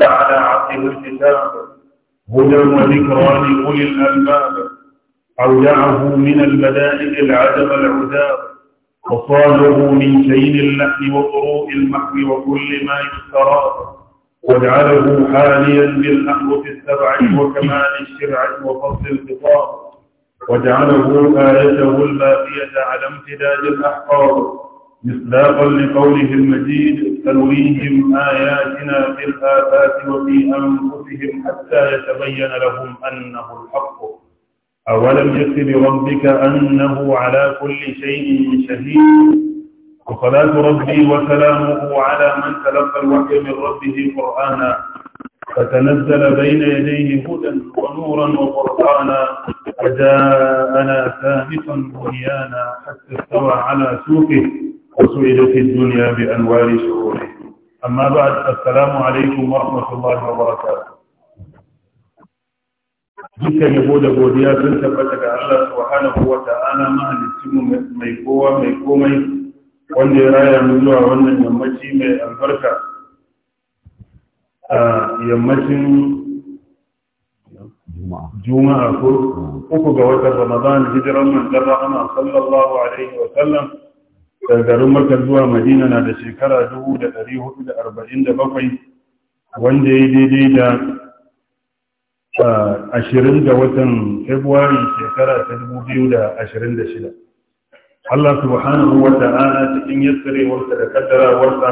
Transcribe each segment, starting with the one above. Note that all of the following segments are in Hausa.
على عقل الكتاب هدى وذكرى لأولي الألباب أودعه من البدائل العدم العذاب وصاله من شين اللحن وطروء المحو وكل ما يسترى واجعله حاليا بالاحرف السبع وكمال الشرع وفصل الخطاب واجعله آيته الباقية على امتداد الأحقاب مصداقا لقوله المجيد سنريهم آياتنا في الآفات وفي أنفسهم حتى يتبين لهم أنه الحق أولم يكف بربك أنه على كل شيء شهيد وصلاة ربي وسلامه على من تلقى الوحي من ربه قرآنا فتنزل بين يديه هدى ونورا وقرآنا اجاءنا سامقا بنيانا حتى استوى على سوقه وسئل في الدنيا بأنوار شعوره أما بعد السلام عليكم ورحمة الله وبركاته dukkan yabo da godiya sun tabbata ga Allah subhanahu wa ta'ala mahaliccinmu mai kowa mai komai wanda ya raya mu zuwa wannan yammaci mai albarka a yammacin juma'a ko uku ga watan ramadan hijiran manzon Ana sallallahu alaihi wa sallam gargarin maka zuwa madina na da shekara 447 wanda ya daidai da ashirin ga watan februari shekara ta 2026 Allah subhanahu wa ta'ala cikin yassarewarsa da kaddarawarsa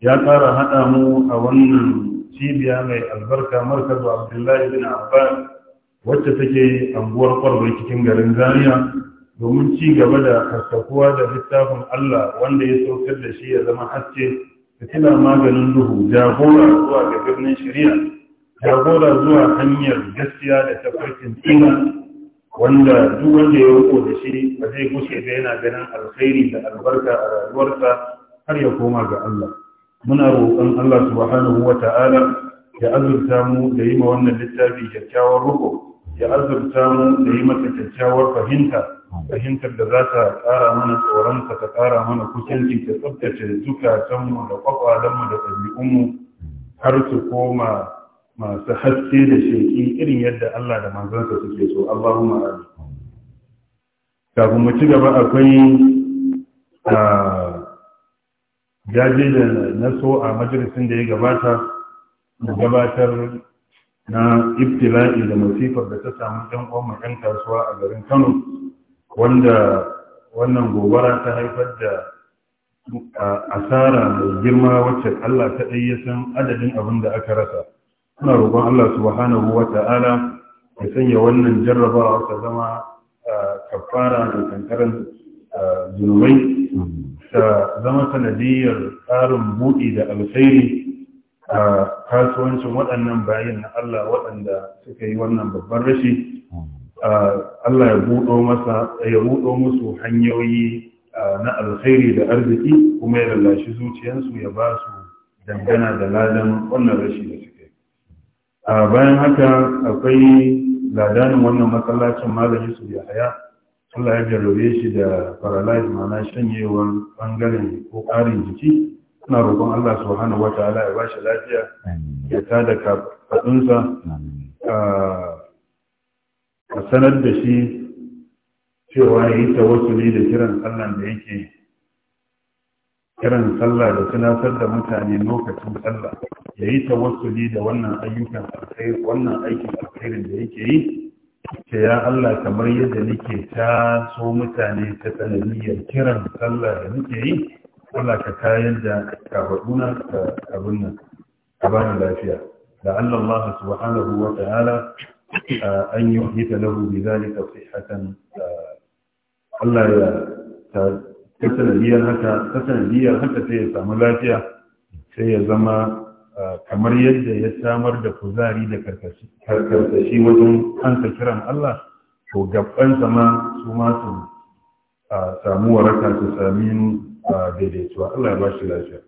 ya tsara haɗa mu a wannan cibiya mai albarka markazu abdullahi bin abbas wacce take anguwar kwalba cikin garin zaria domin ci gaba da haskakuwa da littafin Allah wanda ya saukar da shi ya zama haske fitila maganin duhu jagora zuwa ga birnin shari'a jagora zuwa hanyar gaskiya da tafarkin tsina wanda duk wanda ya riko da shi ba zai gushe ba yana ganin alkhairi da albarka a rayuwarsa har ya koma ga Allah muna roƙon Allah subhanahu wa ta'ala ya azurta mu da yi ma wannan littafi kyakkyawar ruko ya azurta mu da yi mata kyakkyawar fahimta fahimtar da za ta ƙara mana tsoronka ta ƙara mana kusanci ta tsabtace zukatanmu da kwakwalenmu da ɗabi'unmu har su koma masu haske da sheƙi irin yadda Allah da manzansa suke so Allahumma amin kafin mu ci gaba akwai jaje da na so a majalisin da ya gabata da gabatar na ibtila'i da masifar da ta samu ɗan uwan 'yan kasuwa a garin Kano wanda wannan gobara ta haifar da asara mai girma wacce Allah ta ya san adadin abin da aka rasa suna roƙon Allah subhanahu wa ta'ala ya sanya wannan jarrabawa ta zama kafara da kankaran zunubai ta zama sanadiyar tsarin buɗi da alkhairi a kasuwancin waɗannan bayan na Allah waɗanda suka yi wannan babban rashi Allah ya buɗo masa ya buɗo musu hanyoyi na alkhairi da arziki kuma ya lallashi zuciyarsu ya ba su dangana da ladan wannan rashi da suke bayan haka akwai ladanin wannan masallacin su ya Yahaya Allah ya jarrabe shi da paralyze mana shanyewar bangaren ko ƙarin jiki suna roƙon Allah wata watala ya ba shi lafiya ya tada kafadunsa ka sanar da shi cewa ya yi tawassuli da kiran sallan da yake kiran sallah da tunatar da mutane lokacin sallah ya yi tawassuli da wannan ayyukan wannan aikin alkhairin da yake yi ce ya Allah kamar yadda nake ta so mutane ta sanadiyar kiran sallah da nake yi Allah ka kayan da kafaduna ka abin nan ka bani lafiya da Allah subhanahu wa ta'ala an yi wahita lahu bi zalika sihatan Allah ya ta sanadiyar haka ta haka sai ya samu lafiya sai ya zama kamar yadda ya samar da kuzari da karkashi wajen ansa kiran Allah to gaban sama su ma samu waraka su sami daidaituwa Allah ya ba shi lafiya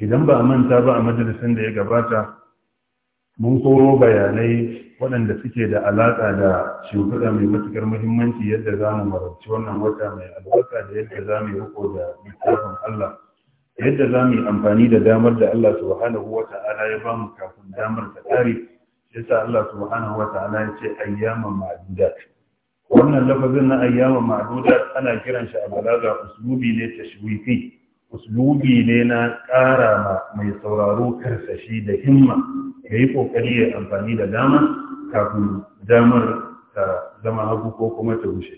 idan ba a manta ba a majalisin da ya gabata mun koro bayanai waɗanda suke da alaƙa da shimfiɗa mai matuƙar muhimmanci yadda za mu marabci wannan wata mai albarka da yadda za mu yi riko da littafin Allah yadda za mu yi amfani da damar da Allah subhanahu wa ta'ala ya bamu kafin damar ta ƙare yasa Allah subhanahu wa ta'ala ya ce ayyama ma'dudat wannan lafazin na ayyaman ma'dudat ana kiran shi a balaga uslubi ne tashwiqi uslubi ne na ƙara ma mai sauraro karsashi da himma ya yi ƙoƙari ya amfani da dama kafin damar ta zama hagu ko kuma ta wuce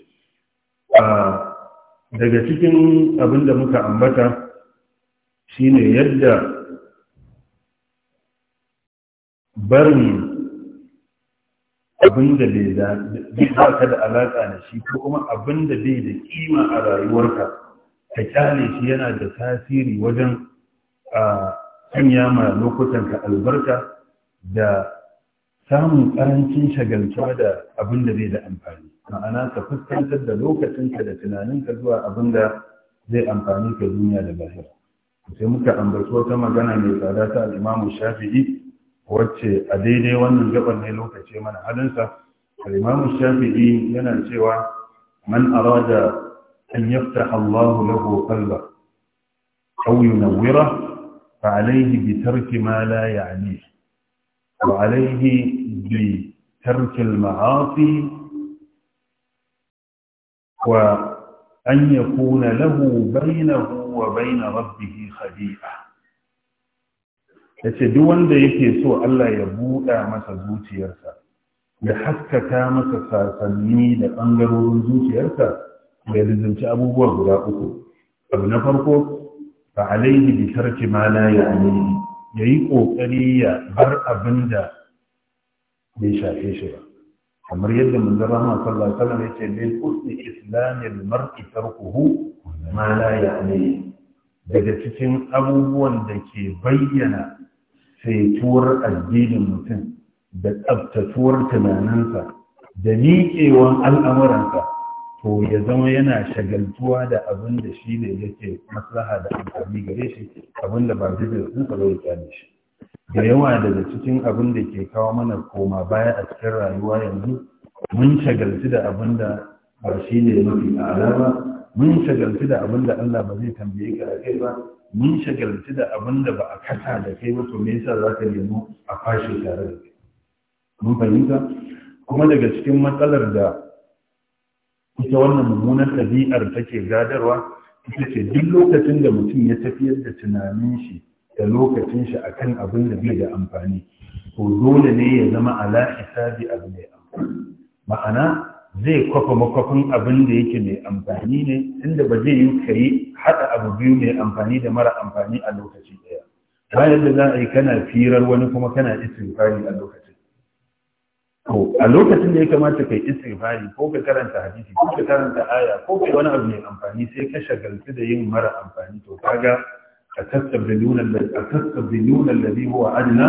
daga cikin abin da muka ambata shi ne yadda barin abin da bai za ka da alaƙa da shi ko kuma abin da bai da kima a rayuwarka ka kyale shi yana da tasiri wajen a sanya ma lokutanka albarka da samun karancin shagaltuwa da abin da zai da amfani ma'ana ka fuskantar da lokacinka da tunaninka zuwa abin da zai amfani ka duniya da lahira sai muka ambaci wata magana mai tsada ta al'imamu shafi'i wacce a daidai wannan gabar ne lokaci mana halinsa al'imamu shafi'i yana cewa man arada an yafta Allahu lahu qalba aw yunawwira fa alayhi bi tarki ma la ya'nihi وعليه بترك المعاصي وأن يكون له بينه وبين ربه خليئة yace duk wanda yake so Allah ya buɗa masa zuciyarsa ya haskaka masa sasanni da ɓangarorin zuciyarsa ya lizinci abubuwa guda uku abu na farko ba alaihi bi tarki ma la ya'nihi ya yi ƙoƙari ya bar abin da bai shafe shi ba kamar yadda manzon rahama sallallahu alaihi ya yace lil husni islamil mar'i tarkuhu ma la daga cikin abubuwan da ke bayyana saituwar addinin mutum da tsabtatuwar tunaninsa da miƙewan al'amuransa to ya zama yana shagaltuwa da abin da shi ne yake maslaha da amfani gare shi abin da ba zai da ba zai kyale shi da yawa daga cikin abin da ke kawo mana koma baya a cikin rayuwa yanzu mun shagaltu da abin da ba shi ne mafi ala ba mun shagaltu da abin da Allah ba zai tambaye ka a kai ba mun shagaltu da abin da ba a kasa da kai ba to me yasa za ka nemo a fashe tare da kai mun fahimta kuma daga cikin matsalar da ita wannan mummunar ɗabi'ar take gadarwa ita ce duk lokacin da mutum ya tafiyar da tunanin shi da lokacin shi akan abin da bai da amfani to dole ne ya zama ala isabi abu mai amfani ma'ana zai kwafa makwafin abin da yake mai amfani ne inda ba zai yi ka yi haɗa abu biyu mai amfani da mara amfani a lokaci ɗaya bayan da za a yi kana firar wani kuma kana istighfari a lokaci to a lokacin da ya kamata kai istighfari ko ka karanta hadisi ko ka karanta aya ko kai wani abu mai amfani sai ka shagaltu da yin mara amfani to kaga atastabdiluna atastabdiluna alladhi huwa adna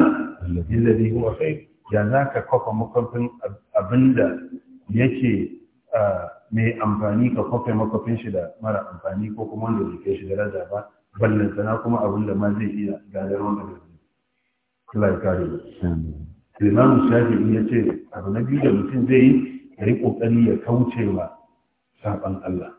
alladhi huwa khair ya za ka kwafa makwafin abinda yake mai amfani ka kofa makwafin shi da mara amfani ko kuma wanda bai kai shi daraja ba ballantana kuma abinda ma zai iya gadar wanda zai Allah ya kare mu imam shafi'i ya ce abu na biyu da mutum zai yi ya yi ƙoƙari ya kauce wa saɓan Allah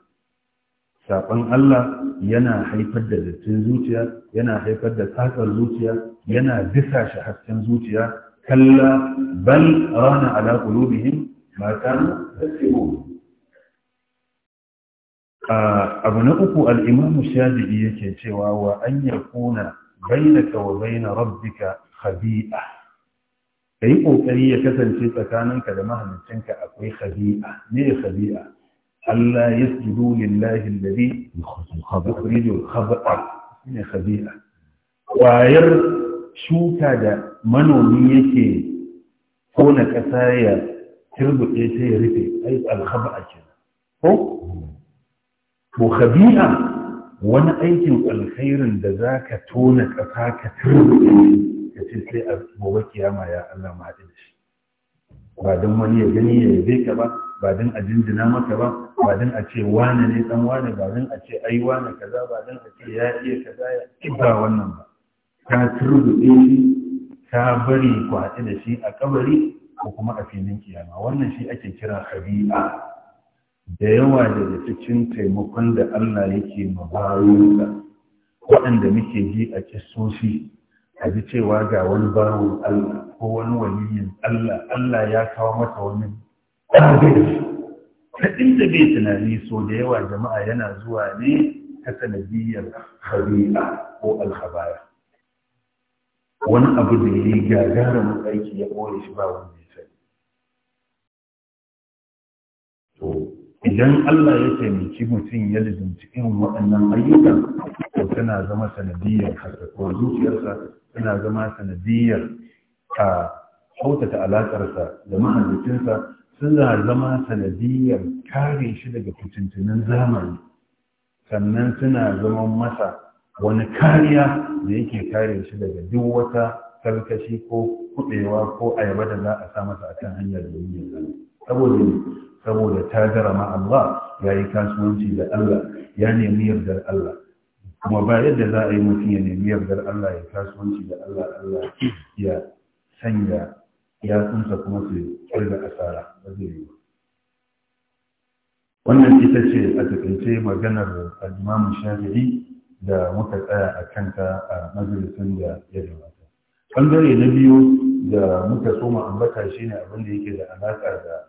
saɓan Allah yana haifar da dattin zuciya yana haifar da tsatsar zuciya yana disa shi hasken zuciya kalla bal rana ala qulubihim ma kanu abu na uku al-imam shafi'i yake cewa wa an yakuna bainaka wa bain rabbika khabi'a ka yi ƙoƙari ya kasance tsakaninka da mahaliccinka akwai khabi'a ne ya khabi'a Allah ya sujudu lillahi alladhi yukhriju al-khaba'a ne khabi'a Ƙwayar shuka da manomi yake kona ƙasa ya turbuɗe ta ya rufe ai al-khaba'a kenan ko khabi'a wani aikin alkhairin da zaka tona ƙasa ka turbuɗe Ka ce sai a gobe kiyama ya Allah ma haɗu da shi ba don wani ya gani ya yabe ka ba ba don a jinjina maka ba ba don a ce wane ne dan wane ba don a ce ai wane kaza ba don a ce ya iya kaza ya ba wannan ba ka turbuɗe shi ka bari ku da shi a kabari ko kuma a filin kiyama wannan shi ake kira habi'a da yawa daga cikin taimakon da Allah yake ma waɗanda muke ji a kisoshi a ji cewa ga wani bawon Allah ko wani waliyin Allah Allah ya kawo mata wani ƙarfi ta da bai tunani so da yawa jama'a yana zuwa ne ta sanadiyyar khabi'a ko alhabaya wani abu da ya yi gagara aiki ya ɓoye shi ba wani ya sani to idan Allah ya taimaki mutum ya lizinci irin waɗannan ayyukan to tana zama sanadiyyar ko zuciyarsa suna zama sanadiyar a hautata alaƙarsa da mahallicinsa suna zama sanadiyar kare shi daga fitintunin zamani sannan suna zama masa wani kariya da yake kare shi daga duk wata karkashi ko kuɗewa ko ayaba da za a sa masa a kan hanyar da ya saboda saboda ta jarama Allah ya yi kasuwanci da Allah ya nemi yardar Allah kuma ba yadda za a yi mutum ya nemi yardar Allah ya kasuwanci da Allah Allah ya sanya ya tsunsa kuma su karga asara ba zai yi wannan ita ce a takaice maganar al Shafi'i da muka tsaya a kanta a majalisun da ya gabata bangare na biyu da muka soma ambata ne abin da yake da alaƙa da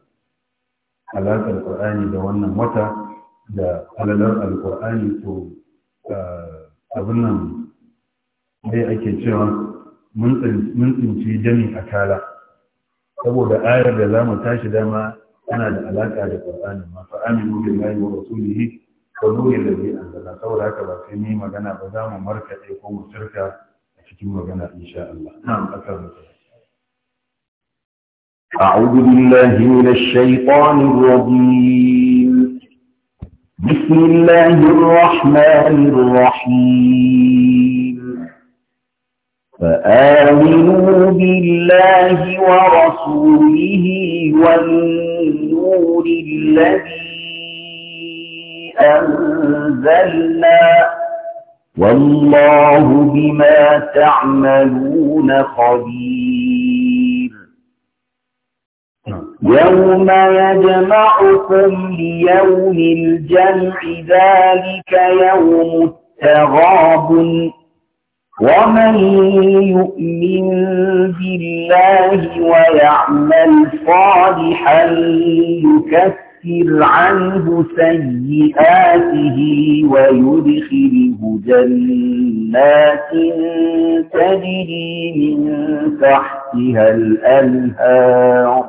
alaƙar da wannan wata da alalar al to Eh, abin nan dai ake cewa mun tsinci jami a kala saboda ayar da za mu tashi dama ana da alaƙa da ƙur'ani ma fa aminu billahi wa rasulihi da zai an anzala saboda haka ba sai ni magana ba za mu markaɗe ko mu cirka a cikin magana insha Allah na'am akar mutum أعوذ بالله من الشيطان الرجيم بسم الله الرحمن الرحيم فآمنوا بالله ورسوله والنور الذي أنزلنا والله بما تعملون خبير يوم يجمعكم ليوم الجمع ذلك يوم التغاب ومن يؤمن بالله ويعمل صالحا يكفر عنه سيئاته ويدخله جنات تجري من تحتها الأنهار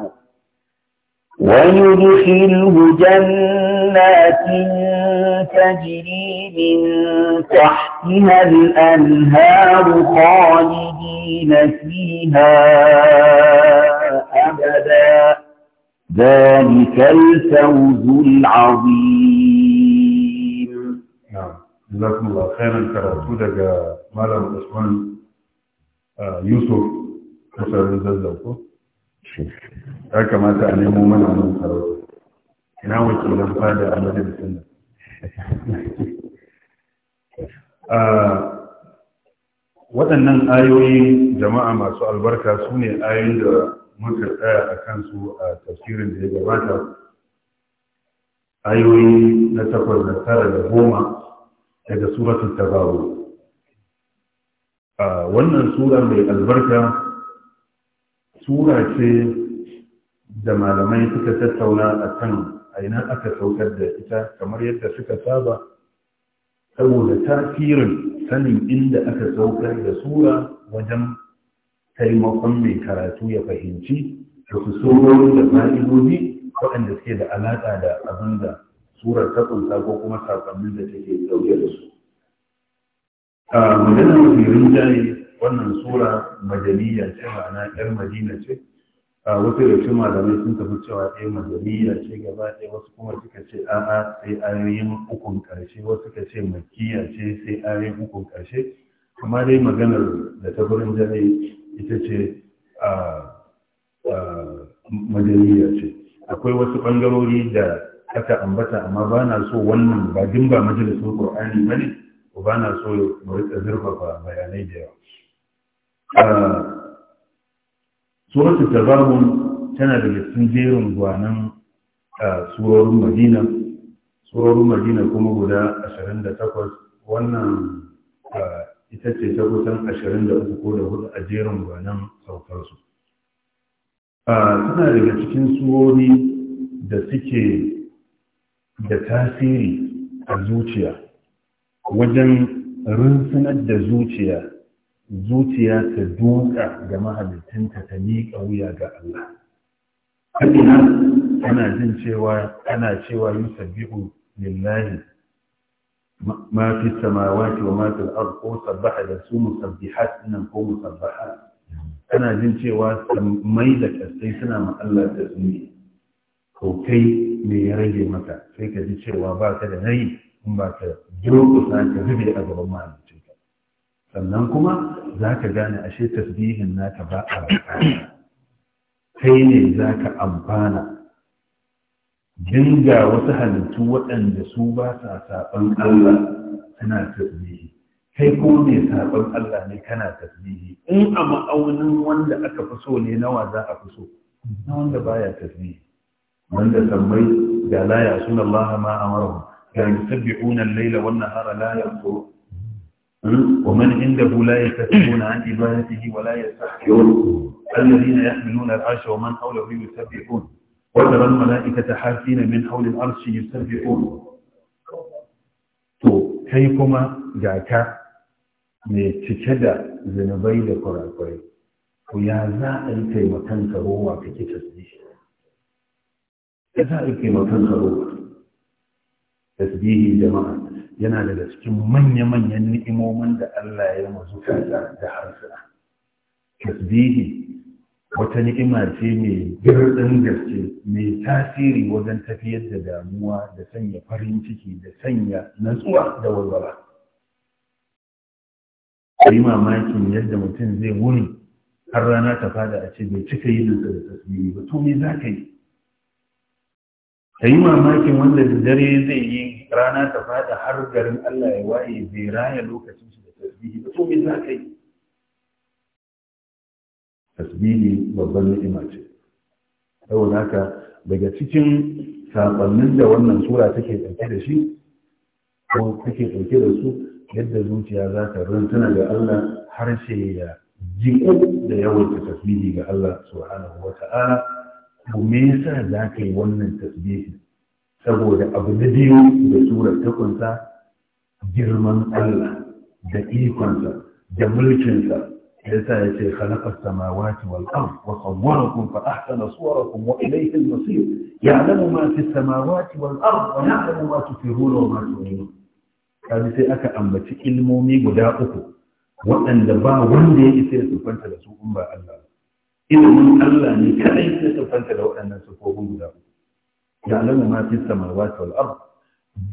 ويدخله جنات تجري من تحتها الأنهار خالدين فيها أبدا ذلك الفوز العظيم نعم جزاكم الله خيرا ترى دقا مالا عثمان آه، يوسف كسر الزلزال ya kamata a nemo mana wani sarauta ina wakilan fada a ah, waɗannan ayoyi jama'a masu albarka su ne ayoyin da muka tsaya a kansu a tafsirin da ya gabata ayoyi na takwas da tara da goma daga suratun tabaru ah, wannan sura mai albarka sura ce da malamai suka tattauna a kan aina aka saukar da ita kamar yadda suka saba saboda tasirin sanin inda aka saukar da sura wajen taimakon mai karatu ya fahimci da su sauran da fa'idodi waɗanda suke da alaƙa da abin da surar ta ko kuma saƙonnin da take ɗauke da su. A magana firin jaye wannan sura madaniya ce ma'ana yar madina ce a wasu da da malamai sun tafi cewa ɗaya eh, madaniya ce gaba ɗaya wasu kuma suka ce a'a sai ayoyin ukun ƙarshe wasu suka ce makiya ce sai ayoyin ukun ƙarshe kuma dai maganar da ta gurin jare ita ce a madaniya ce akwai wasu ɓangarori da aka ambata amma ba na so wannan ba dimba majalisar ƙur'ani ba ne ba na so mu riƙa zurfafa bayanai da yawa suratul tabarun tana daga cikin jerin gwanan surorin madina surorin madina kuma guda 28 wannan ita ce ta kusan 23 ko da hudu a jerin gwanan saukarsu suna daga cikin surori da suke da tasiri a zuciya wajen rinsunar da zuciya zuciya ta duka ga mahalicinta ta miƙa wuya ga Allah. Haɗina ana jin cewa ana cewa yi sabi'u lillahi ma fi samawati wa ma al'ar ko sabbaha da su musabbihat nan ko musabbaha. Ana jin cewa mai da kasai suna ma Allah ta tsumi. To kai me ya rage maka sai ka ji cewa ba ka da nayi in ba ka durƙusa ka zube a gaban mahalici. sannan kuma za ka gane ashe tasbihin naka ba a kai ne za ka amfana dinga wasu halittu waɗanda su ba sa saɓan Allah suna tasbihi kai ko ne saɓan Allah ne kana tasbihi in a ma'aunin wanda aka fi so ne nawa za a fi so na wanda baya tasbihi wanda sammai ga la ya suna Allah ma amara ga yusabbi'una al-laila wan nahara la yaqulu ومن عنده لا يتكلمون عن عبادته ولا يستحقون الذين يحملون العرش ومن حوله يسبحون وترى الملائكة حافين من حول العرش يسبحون تو كيفما جاكا ne cike da zanubai da kurakwai ko ya za a yi taimakon karowa ka ke tasbi ya za yana daga cikin manya-manyan ni'imomin da Allah ya mazu kaza da harsuna tasbihi wata ni'ima ce mai girɗin gaske mai tasiri wajen tafiyar da damuwa da sanya farin ciki da sanya natsuwa da walwala a yi mamakin yadda mutum zai wuni har rana ta fada a ce bai cika yi da tasbihi ba to me za ka yi Ta yi mamakin wanda da dare zai yi rana ta fada har garin Allah ya waye zai raya lokacin shi da tasbihi da to za ka yi tasbihi babban ni'ima ce saboda haka daga cikin sabannin da wannan sura take ɗauke da shi ko take ɗauke da su yadda zuciya za ta runtuna ga Allah harshe ya jiƙo da yawaita tasbihi ga Allah subhanahu wa ta'ala to me yasa za ka yi wannan tasbihi saboda abu na biyu da surar ta kunsa girman Allah da ikonsa da mulkinsa yasa ya ce khalaqa samawati wal ard wa sawwarakum fa ahsana suwarakum wa ilayhi al-masir ya'lamu ma fi samawati wal ard wa ya'lamu ma tusirruna wa ma tu'linun kaji sai aka ambaci ilmomi guda uku waɗanda ba wanda ya isa ya sufanta da su in ba Allah ilimin Allah ne kadai ya tafanta da waɗannan sufofin guda uku ya alamu ma fi samawati wal al'ar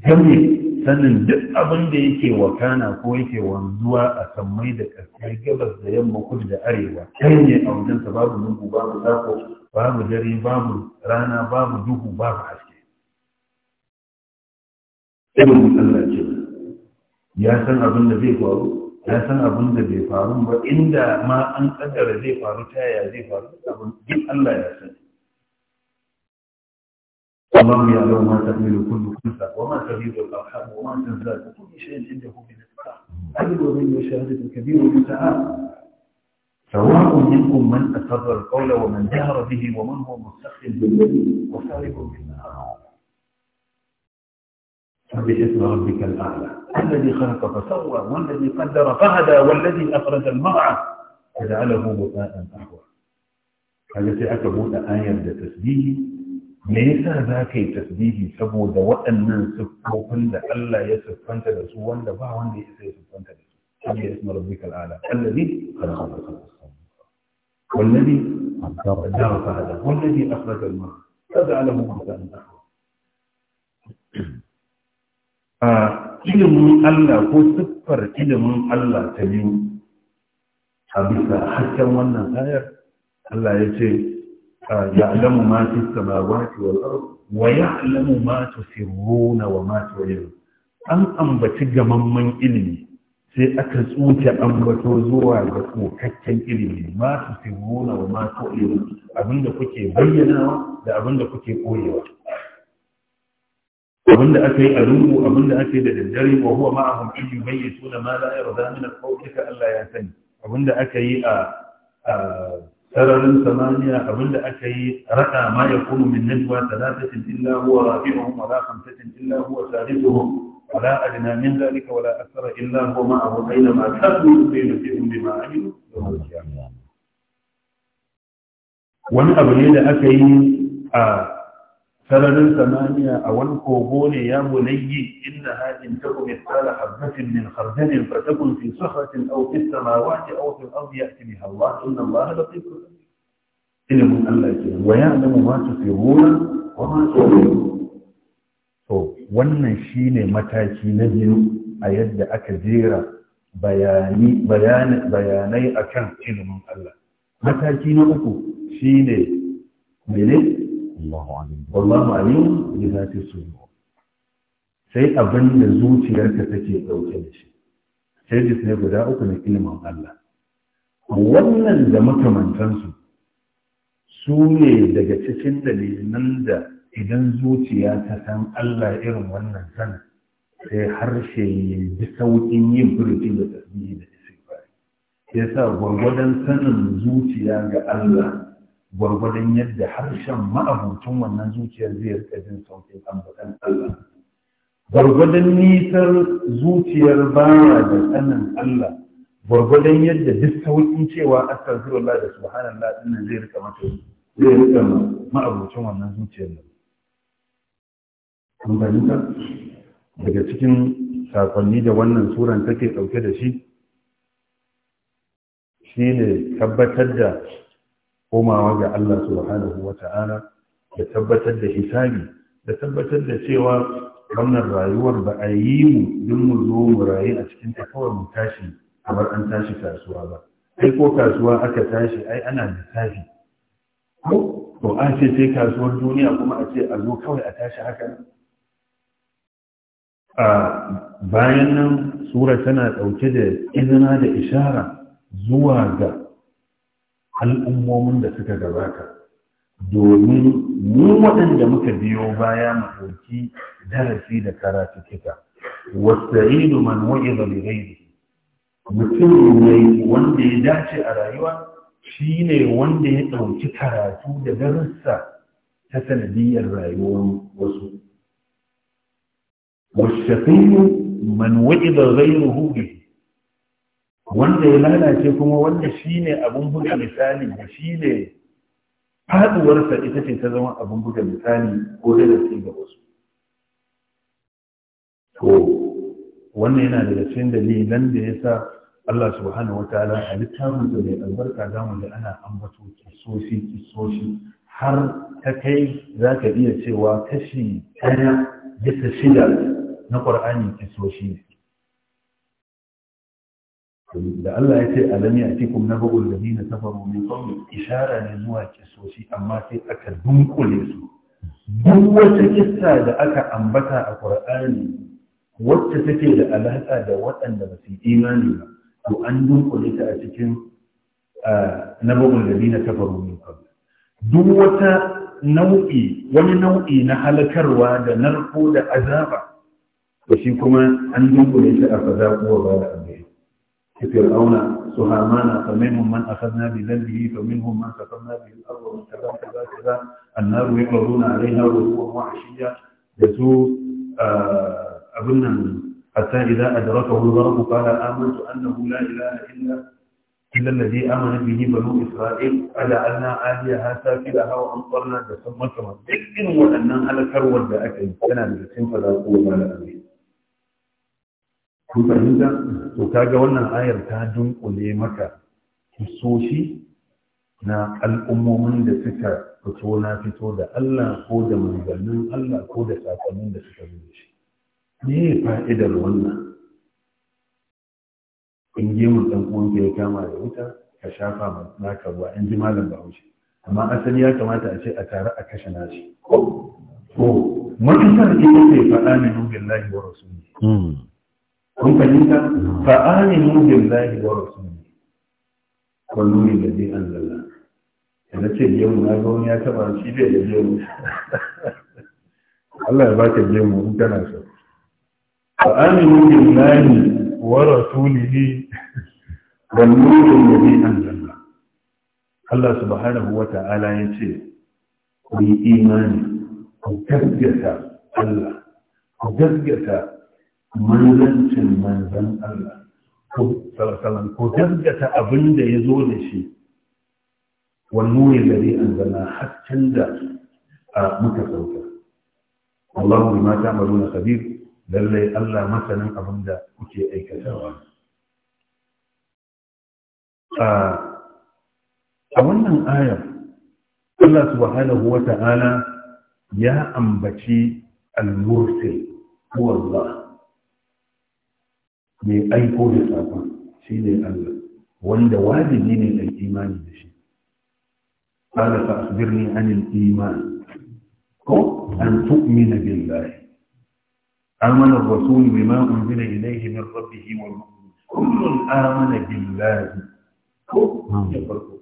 gami sanin duk abin da yake wakana ko yake wanzuwa a sammai da ƙasar gabas da yamma kudu da arewa kai ne a wajensa babu nugu babu zafo, babu dare babu rana babu duhu babu haske ilimin Allah ce ya san abin da zai faru ya san abin da bai faru ba inda ma an kaddara zai faru ta yaya zai faru abin duk Allah ya san Allah ya lau ma ta milu kullu kunsa wa ma ta biyu da alhamu wa ma ta zaɗa kullu shayin inda ku bin ba ajiyar wani ya shahada da kabiru da ta'ala سواء منكم من أسر القول ومن جهر به ومن هو مستخدم بالليل وسارق بالنهار باسم ربك الأعلى الذي خلق فسوى والذي قدر فهدى والذي أخرج المرعى فجعله بكاء أحوى هذا سيأكبوت آية تسبيه ليس ذاك تسبيه وأن دواء من سفوفن لألا يسفنت لسوا لبع وان يسفنت هذا اسم ربك الأعلى الذي خلق فسوى والذي قدر فهدى والذي أخرج المرعى فجعله بكاء أحوى a ilimin Allah ko siffar ilimin Allah ta biyu a bisa hasken wannan ayar Allah ya ce ya'lamu ma fi samawati wal ard wa ya'lamu ma sirruna wa ma tu'linu an ambaci gamamman ilimi sai aka tsuke ambato zuwa ga kokakken ilimi ma sirruna wa ma tu'linu abinda kuke bayyana da abinda kuke koyewa ومن أكي ألوه ومن أكي دلدري وهو معهم أن يميتون ما لا يرضى من القوت كأن لا يهتني ومن أكي سرر ثمانية ومن أكي رأى ما يكون من نجوى ثلاثة إلا هو رابعهم ولا خمسة إلا هو ثالثهم ولا أدنى من ذلك ولا أكثر إلا هو معه أينما كانوا يبين فيهم بما عملوا ومن أبني أكي آه sararin samaniya a wani kogo ne ya inda inna hadin takum mithqala habatin min khardalin kun fi sahratin aw fi samawati aw fi al-ardi ya'ti biha Allah inna Allah latifun ilimin Allah ke wa ya ya'lamu ma tusirruna wa ma tu'linun to wannan ne mataki na biyu a yadda aka jera bayanai akan ilimin Allah mataki na uku shi ne mene Allahu alim sai abin da zuciyarka take dauke da shi sai ji sai guda uku na ilimin Allah wannan da makamantansu su ne daga cikin dalilan da idan zuciya ta san Allah irin wannan sanin sai harshe ya ji sauƙin yin burgi da tasbihi da istighfar yasa gwargwadon sanin zuciya ga Allah gwargwadon yadda harshen ma'abutun wannan zuciyar zai rika jin sautin ambatan Allah gwargwadon nitar zuciyar bawa da sanin Allah gwargwadon yadda duk sauƙin cewa astaghfirullah da subhanallah nan zai rika mata zai rika ma'abutun wannan zuciyar nan kun daga cikin sakonni da wannan suran take ɗauke da shi shi ne tabbatar da komawa ga Allah subhanahu wa ta'ala da tabbatar da hisabi da tabbatar da cewa wannan rayuwar ba a yi mu don mu zo mu rayu a cikin ta mu tashi kamar an tashi kasuwa ba ai ko kasuwa aka tashi ai ana lissafi ko an ce sai kasuwar duniya kuma a ce a zo kawai a tashi haka a bayan nan sura tana ɗauke da izina da ishara zuwa ga al'ummomin da suka gabata domin mu waɗanda muka biyo baya mu ɗauki darasi da karatu kika wasa'idu man wa'iza bi ghairi mutum ne wanda ya dace a rayuwa shine wanda ya ɗauki karatu da darussa ta sanadiyar rayuwar wasu wasa'idu man wa'iza ghairuhu bihi wanda ya lalace kuma wanda shi ne abin buga misali da shi ne faduwarsa ita ce ta zama abin buga misali ko da da ga wasu to wannan yana daga cikin dalilan da ya sa Allah subhanahu wataala a littafin da mai albarka zamu da ana ambato kisoshi kisoshi har ta kai za ka iya cewa kashi ɗaya bisa shida na ƙwar'ani kisoshi ne." da Allah ya ce alami a cikin na ba'ul da nina safaru min kwamfi ishara ne zuwa kisoshi amma sai aka dunkule su duk wata kissa da aka ambata a ƙur'ani wacce take da alaƙa da waɗanda ba su imani ba to an dunkule ta a cikin na ba'ul da nina safaru min kwamfi duk wata nau'i wani nau'i na halakarwa da narko da azaba to shi kuma an dunkule shi a fazaƙuwa ba da كفرعون سهامان فمنهم من أخذنا بذنبه فمنهم من كفرنا به الأرض ومن كذا كذا كذا النار يعرضون عليها غدوا وعشيا يسوء آه، أظن حتى إذا أدركه الغرق قال آمنت أنه لا إله إلا إلا الذي آمن به بنو إسرائيل أجعلنا عاليها سافلها وأمطرنا جسما كما ذكر وأنها لكروة بأكل كان بجسم فلا قوة ولا أمين kun fahimta to kaga wannan ayar ta dunkule maka kisoshi na al'ummomin da suka fito na fito da Allah ko da manzannin Allah ko da sakonnin da suka zo shi me fa'idar wannan in je mu dan uwanka ya kama da wuta ka shafa ma naka ruwa in ji malam wuce amma asali ya kamata a ce a tare a kashe nashi ko Ko. mafisar ita ce faɗa min billahi wa rasuli hmm. kun fahimta fa aminu billahi wa rasulihi wal nuri alladhi anzala da ce gemu na ga wani ya taba shi bai da gemu Allah ya baka gemu in kana so fa aminu billahi wa rasulihi wal nuri alladhi anzala Allah subhanahu wa ta'ala ya ce ku yi imani ku gaskata Allah ku gaskata manzancin manzan Allah ko sallallahu ko gaskata abin da ya zo da shi wannan ne gari an zana haccin da muka sauka Allahu bima ta'maluna khabir lallai Allah masanin abin da kuke aikatawa a wannan ayar Allah subhanahu wa ta'ala ya ambaci al-mursil huwa Allah mai aiko da saƙon shi ne Allah wanda wajibi ne a imani da shi ƙala fa asbirni anil iman ko an tu'mina billahi amana ar-rasul bima unzila ilayhi min rabbih wal kullun amana billahi ko ya farko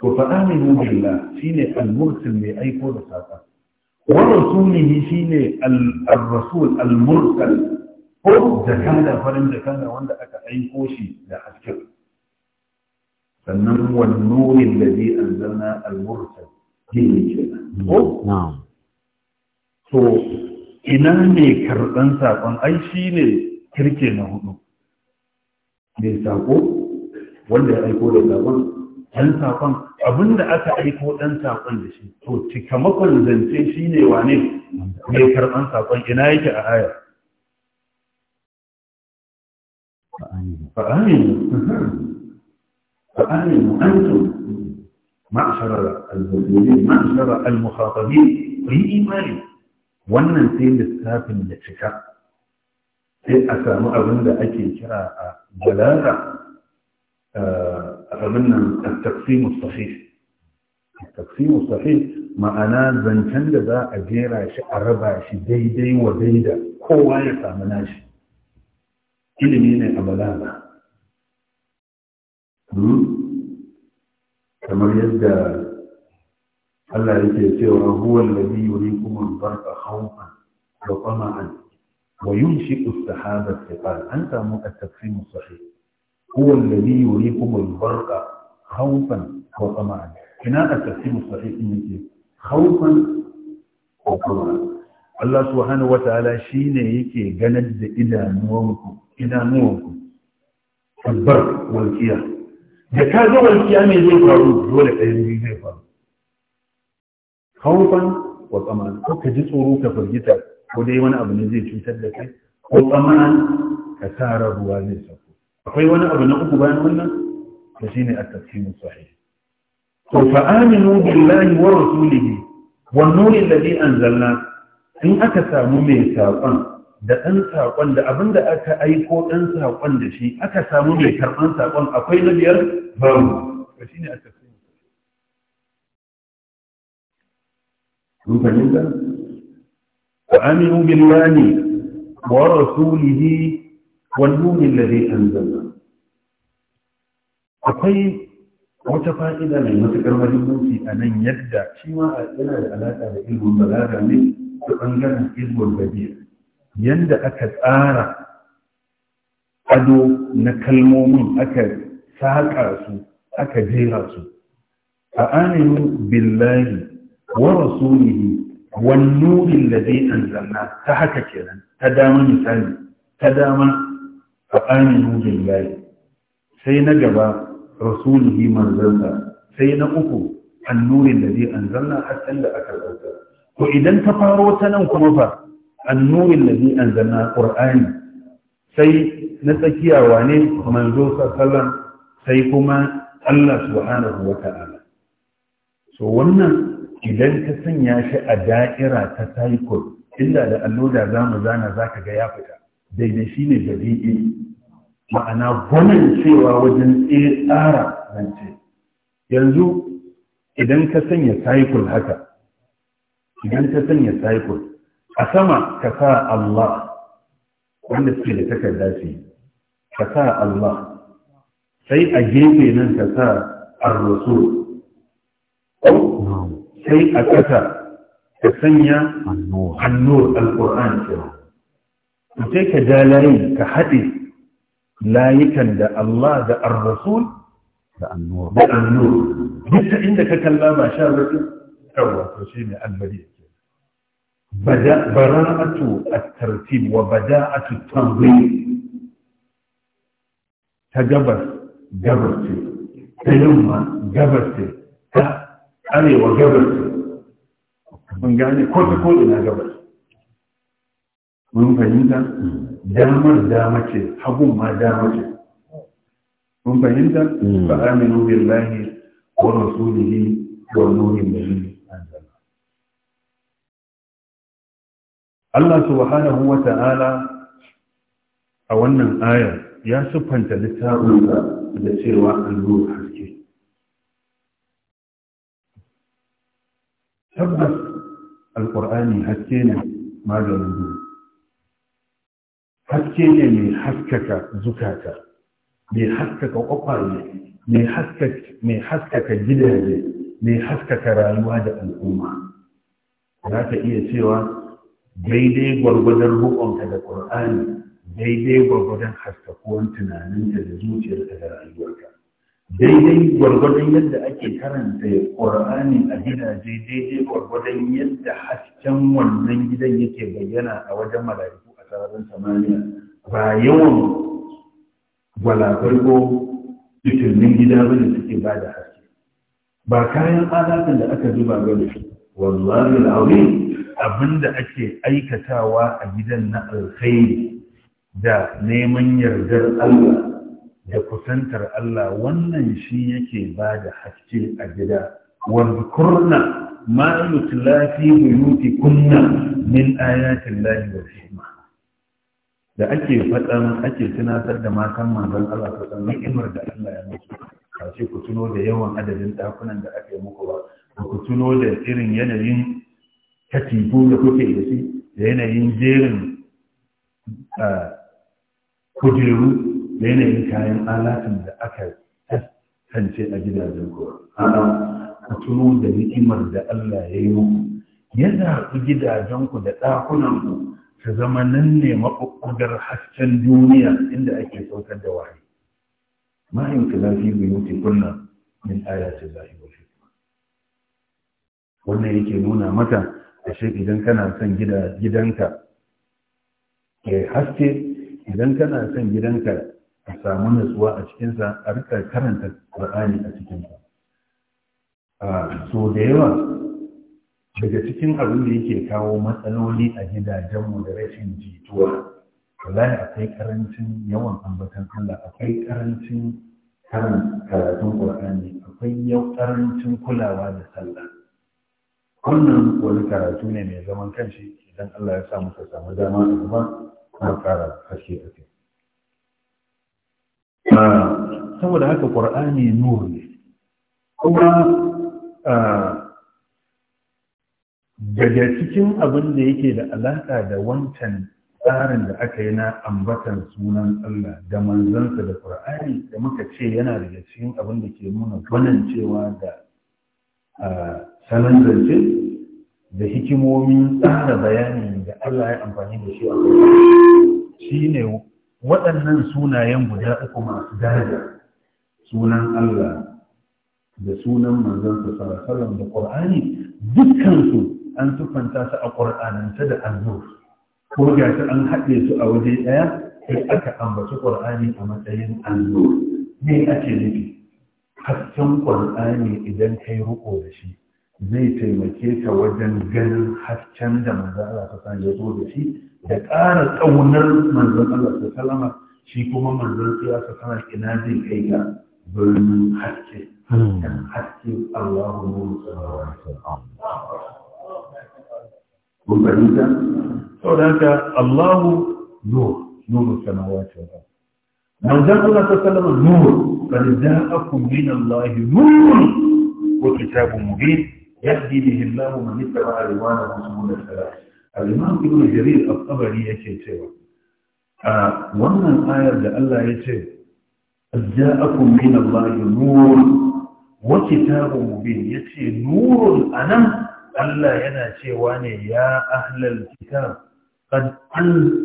to fa aminu billah shine al-mursil mai aiko da saƙon wa rasulihi shine al-rasul al-mursal ko da kanda farin da wanda aka aiko shi da hasken sannan wan nurin da zai anzana al-mursal jini kenan ko to ina ne karɓan saƙon ai shi ne kirke na hudu mai saƙo wanda ya aiko da saƙon ɗan saƙon abin da aka aiko ɗan saƙon da shi to cikamakon zance shi ne wane mai karɓan saƙon ina yake a aya فآمنوا فآمنوا أنتم معشر المؤمنين معشر المخاطبين في إيمان wannan sai lissafin ya cika sai a samu abin da ake kira a balaga abin nan a taksimu sahih taksimu sahih ma'ana zancen da za a jera shi a raba shi daidai wa daida kowa ya samu nashi ilimi ne a balaga hmm? kamar yadda Allah yake cewa huwa alladhi yuriikum al hauka da kwama an wa yunshi'u shi sahaba al-thiqal an samu tafi taqsim as-sahih huwa kuma yuriikum al hauka da kwama an. ina a tafi as in yake da kwama an. Allah wata ala shi ne yake ganar da idanuwanku idanuwanku tabbar walƙiya da ka ga walƙiya mai zai faru dole ɗayan biyu zai faru haufan wa tsaman ko ka ji tsoro ka firgita ko dai wani abu ne zai cutar da kai ko tsaman ka tara ruwa zai sauko akwai wani abu na uku bayan wannan shi ne at-tafsimu sahih to fa aminu billahi wa rasulihi wan nuri alladhi anzalna in aka samu mai saƙon da ɗan saƙon da abin da aka aiko ɗan saƙon da shi aka samu mai karɓan saƙon akwai na biyar babu ka shi ne a tafsiri mun fahimta wa aminu billahi wa rasulihi da zai an zama akwai wata fa'ida mai matuƙar mahimmanci a nan yadda shi ma yana da alaƙa da ilmin balaga ne ta ɓangaren ilmin babiyar yanda aka tsara ado na kalmomin aka saƙa su aka jera su a Aminu billahi wa rasulihi wan nurin da zai anzalna ta haka kenan ta dama misali ta dama a anayin billahi sai na gaba rasulihi manzansa sai na uku an nurin da zai anzalna har da aka ɗauka ko idan ta faro ta nan kuma fa annurin da zai an ƙur'ani sai na tsakiya wane manzo sallam sai kuma Allah subhanahu wa ta'ala so wannan idan ka sanya shi a da'ira ta cycle illa da allo da zana za ka ga ya fita daidai shi ne dabi'i ma'ana gwanin cewa wajen tsara zance yanzu idan ka sanya cycle haka idan ka sanya cycle a sama ka sa Allah wanda suke da takarda ce ka sa Allah sai a gefe nan ka sa ar-rasul sai a kasa ka sanya annur al-qur'an kenan sai ka ja layi ka haɗe layukan da Allah da ar-rasul da annur da annur duk inda ka kalla ba sha rufi yawa to shine al-badi bara'atu at-tartib wa bada'atu at-tanzim ta gabas gabas ce ta yamma gabas ce ta arewa gabas ce mun gane ko ta ko ina gabas mun fahimta damar dama ce hagun ma dama ce mun fahimta hmm. fa aminu billahi wa rasulihi wa nurin nabi Allah subhanahu wa ta'ala a wannan ayar ya siffanta littafinsa da cewa allura haske. Tabbas alƙur'ani haske ne maganin duhu. Haske ne mai haskaka zukata, mai haskaka ƙwaƙwaye, mai haskaka gidaje, mai haskaka rayuwa da al'umma. Za ka iya cewa daidai gwargwadon rukunka da ƙur'ani daidai gwargwadon haskakuwan tunaninka da zuciyarta da rayuwarka daidai gwargwadon yadda ake karanta ƙur'ani a gidaje daidai gwargwadon yadda hasken wannan gidan yake bayyana a wajen mala'iku a sararin samaniya ba yawan gwalafar ko fitilmin gida bane suke ba da haske ba kayan alatan da aka zuba ba ne wallahi al'azim abinda ake aikatawa a gidan na alkhairi da neman yardar Allah da kusantar Allah wannan shi yake ba da haske a gida wanda kurna ma yutla fi buyuti kunna min ayatin lahi wa hikma da ake faɗan ake tunatar da matan manzon Allah ta san ni'imar da Allah ya musu kace ku tuno da yawan adadin dakunan da ake muku ba ku tuno da irin yanayin katifu da kuke da shi da yanayin jerin kujeru da yanayin kayan alatun da aka tattance a gidajen kowa a'a ku tuno da ni'imar da Allah ya yi muku ya zaɓi gidajenku da ɗakunanku ta zama nan ne maɓuɓɓugar hasken duniya inda ake saukar da wahayi mahin filafi bi yuti kunna min ayati lahi wannan yake nuna mata shi idan kana son gidanka ke haske idan kana son gidanka a samu nutsuwa a cikinsa a rika karanta ƙur'ani a cikinsa a so da yawa daga cikin abin da yake kawo matsaloli a gidajenmu da rashin jituwa wallahi akwai karancin yawan ambatan Allah akwai karancin karatun Qur'ani akwai karancin kulawa da sallah wannan wani karatu ne mai zaman kanshi idan Allah ya sa ka samu dama a gaba kuma kara haske a kai ah, saboda haka ƙwar'ani nur ne kuma ah, daga cikin abin da yake da alaƙa da wancan tsarin da aka yi na ambatan sunan Allah da manzansa da ƙwar'ani da muka ce yana daga cikin abin da ke nuna gwanin cewa da ah, salon da hikimomin tsara bayani da Allah ya amfani da shi a shi ne waɗannan sunayen guda uku masu daraja sunan Allah da sunan manzon sa sallallahu da Qur'ani dukkansu an siffanta su a Qur'anance da azzur ko ga an haɗe su a waje ɗaya sai aka ambaci ƙur'ani a matsayin allo me ake nufi hasken ƙur'ani idan kai riko da shi zai taimake ka wajen ganin hasken da manzan Allah ta san ya zo da shi da ƙara ƙaunar manzan Allah ta salama shi kuma manzan Allah ta sana ina zai kai ga birnin haske dan haske Allahu nuru sallallahu kun fahimta saboda haka Allahu nuru nuru samawati wal ardh manzan Allah ta salama nuru qad ja'akum min Allah nuru wa kitabun mubin yahdi bihi Allah man ittaba alwana usul al-salat al-imam ibn jarir al yake cewa a wannan ayar da Allah ya ce ja'akum min Allah nuru. wa kitabun mubin yace nurun anan Allah yana cewa ne ya ahlal ta قد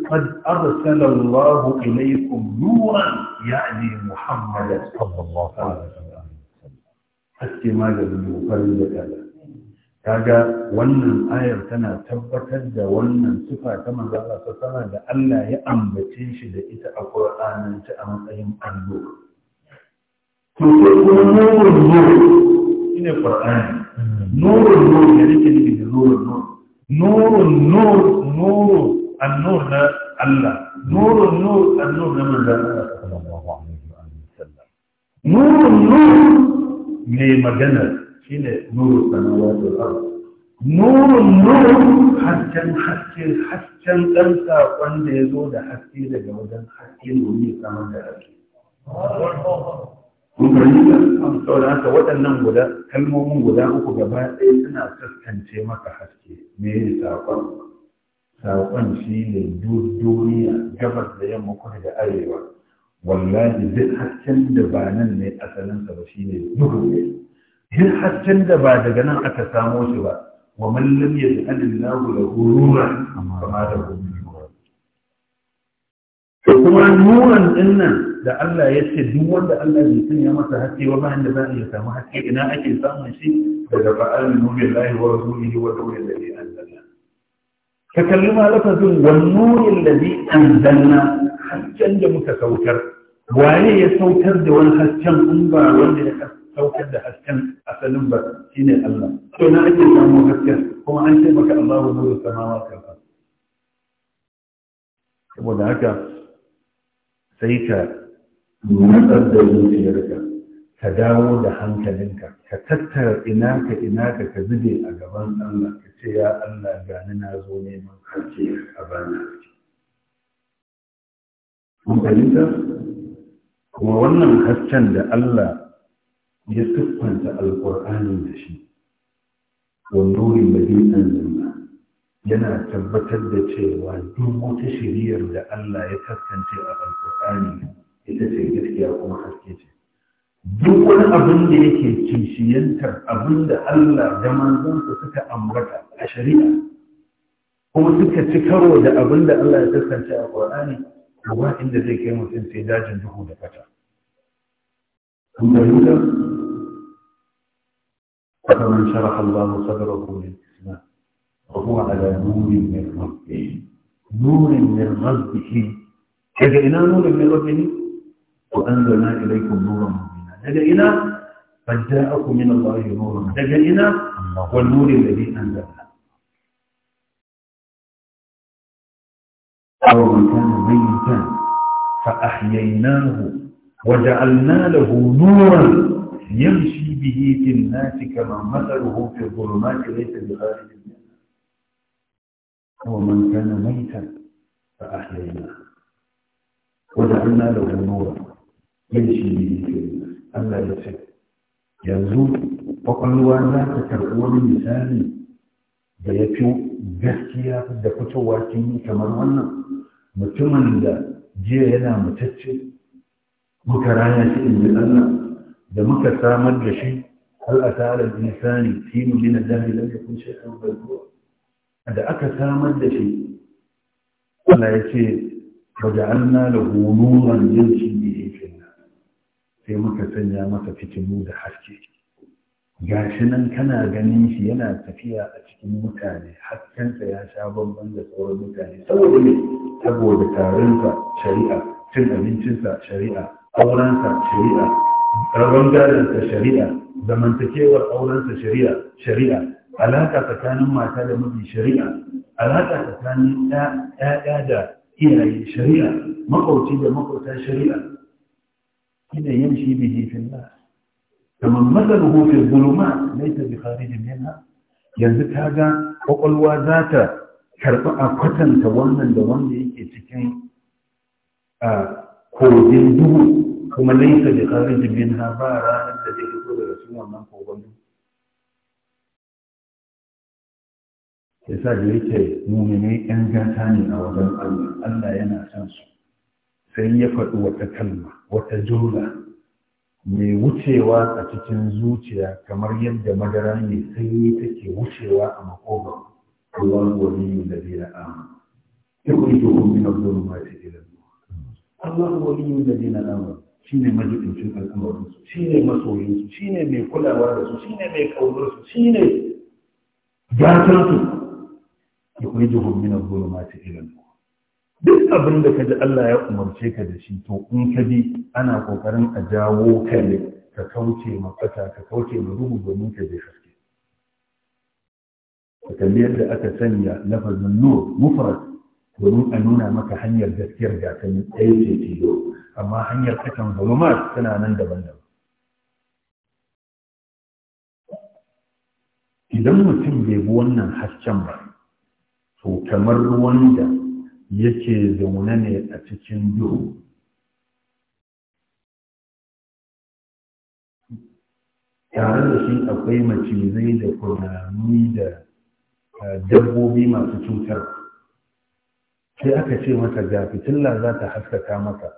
قد أرسل الله إليكم نورا يعني محمدا صلى الله عليه وسلم حتى ما جبلوا فرد kaga wannan ayar tana tabbatar da wannan sifa ta manzo Allah sallallahu da Allah ya ambace shi da ita a Qur'anin ta a matsayin allo to nuru nur ina Qur'ani nuru nur ya rike ni da nuru nur nuru nur nuru annur na Allah nuru nur annur na manzo Allah sallallahu alaihi wa sallam nuru nur mai magana shi ne nuru sanawa da nurun nuru hasken hasken ɗan saƙon da ya zo da haske daga wajen haske domin sama da haske kun an saboda haka waɗannan guda kalmomin guda uku gaba ɗaya suna kaskance maka haske me ne saƙon saƙon shi ne duniya gabas da yamma kuma da arewa wallahi duk hasken da ba nan ne asalinsa ba shine ne duhu ne duk hasken da ba daga nan aka samo shi ba wa man lam yaj'al Allahu lahu nuran kama da kuma nuran din nan da Allah ya ce duk wanda Allah ya sanya masa haske ba bayan za a iya samu haske ina ake samun shi daga fa'aminu billahi wa rasulihi wa dawlil ladhi anzalna ka kalli malafazin lafazin wa nuril ladhi anzalna hasken da muka saukar waye ya saukar da wani hasken in ba wanda ya saukar da hasken asalin ba shi ne Allah to na ake samu hasken kuma an ce maka Allahu nuru samawa kafa. saboda haka sai ka nutsar da zuciyarka ka dawo da hankalinka ka tattara ina ka ina ka ka zube a gaban Allah ka ce ya Allah gani na zo neman harshe a bana kuma wannan hasken da Allah ya siffanta alƙur'ani da shi wannan madinan zanna yana tabbatar da cewa duk wata shiriyar da Allah ya taskance a alƙur'ani ita ce gaskiya kuma haske ce duk wani abin da yake kishiyantar abin da Allah da manzansa suka ambata a shari'a ko suka ci karo da abin da Allah ya taskance a Qur'ani to ba inda zai kai mutum sai dajin duhu da fata ثم الأولى فمن شرح الله صدره للإسلام وهو على نور من ربه نور من ربه هدئنا نور من ربه وأنزلنا إليكم نورا مبينا هدئنا فجاءكم من الله نورا هدئنا والنور الذي أنزلنا أو من كان ميتا فأحييناه وجعلنا له نورا يمشي به في الناس كما مثله في الظلمات ليس بخارج الناس ومن كان ميتا فأحييناه وجعلنا له نورا يمشي به في الناس ألا يسر يزول وقالوا لا تكرهوا بمثال da ya fi gaskiya da fitowa cikin kamar wannan mutumin da jiya yana mutacce muka raya shi in Allah da muka samar da shi hal a ta'alar insani fi mu min al-jahli kun yakun shay'an da aka samar da shi Allah ya ce waja'alna lahu nuran yamshi bihi fil sai muka sanya masa fitilu da haske gashi nan kana ganin shi yana tafiya a cikin mutane haskensa ya sha bambam da sauran mutane saboda ne saboda tarinsa shari'a cin abincinsa shari'a أولاً أولانسها شريئة رغنجار التشريئة زمنتكي والأولانسها شريئة شريئة ألاكا تكانم ما تالي مبني شريئة ألاكا تكانم آآدة هي شريئة مقوتي بمقوتها شريئة إنه يمشي به في الله كما مثله في الظلمات ليس بخارج منها ينزل هذا وقلوا ذاتا كربعا قتن تواناً دواناً يكي تكين kogin duhu kuma laisa da karin jimin ha ba ranar da zai fito daga cikin wannan kogon duhu ya sa da yake mumini yan gata ne a wajen Allah Allah yana son su sai ya faɗi wata kalma wata jumla mai wucewa a cikin zuciya kamar yadda madara mai sanyi take wucewa a makogon Allah wani da zai ra'a. Ikun ikon min abdul ma gidan. da dina nama shi ne majibincin al'amarin shi shine masoyinsu su shine mai kulawa da su shine mai kaunar su shine gatan Ya yukhrijuhum min adh-dhulumati irin ku duk abin da ka ji Allah ya umarce ka da shi to in ka bi ana kokarin a jawo ka ne ka kauce ma fata ka kauce ma ruhu domin ka je haske ka kalli yadda aka sanya lafazin nur mufrad domin a nuna maka hanyar gaskiyar da ta yi ɗaya ce amma hanyar kasan zama tana nan daban-daban idan mutum bai bi wannan hasken ba to kamar ruwan da yake zaune ne a cikin duhu tare da shi akwai macizai da kurami da eh, dabbobi masu cutar sai aka ce masa ga fitilla za ta haskaka maka